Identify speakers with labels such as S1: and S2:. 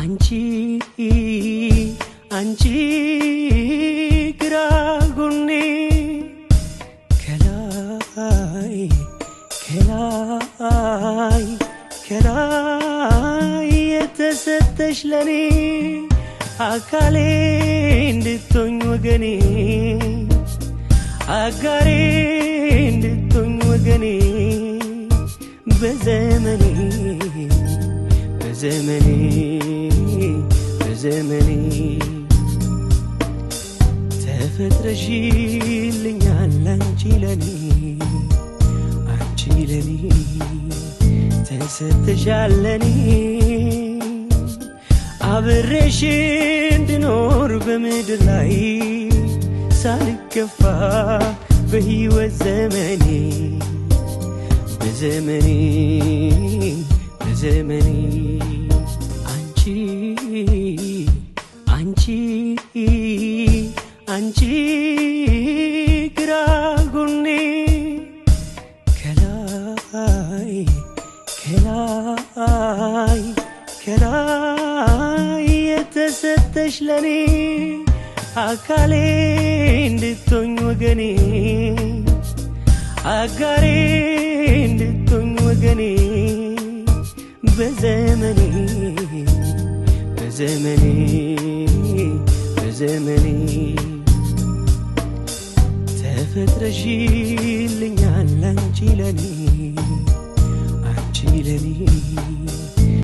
S1: አንቺ አንቺ ግራ ጎኔ ከላይ ከላይ ከላይ የተሰጠሽ ለኔ አካሌ እንድትሆኝ ወገኔ አጋሬ እንድትሆኝ ወገኔ በዘመኔ በዘመኔ በዘመኔ ተፈጥረሽልኛል አንቺ ለኔ አንቺ ለኔ ተሰጥሻል ለኔ አብሬሽ እንድኖር በምድር ላይ ሳልከፋ በሕይወት ዘመኔ በዘመኔ በዘመኔ አንቺ አንቺ ግራ ጎኔ ከላይ ከላይ ከላይ የተሰጠሽ ለኔ አካሌ እንድትሆኝ ወገኔ አጋሬ እንድትሆኝ ወገኔ በዘመኔ በዘመኔ ዘመኔ ተፈጥረሽልኛል አንቺ ለኔ አንቺ ለኔ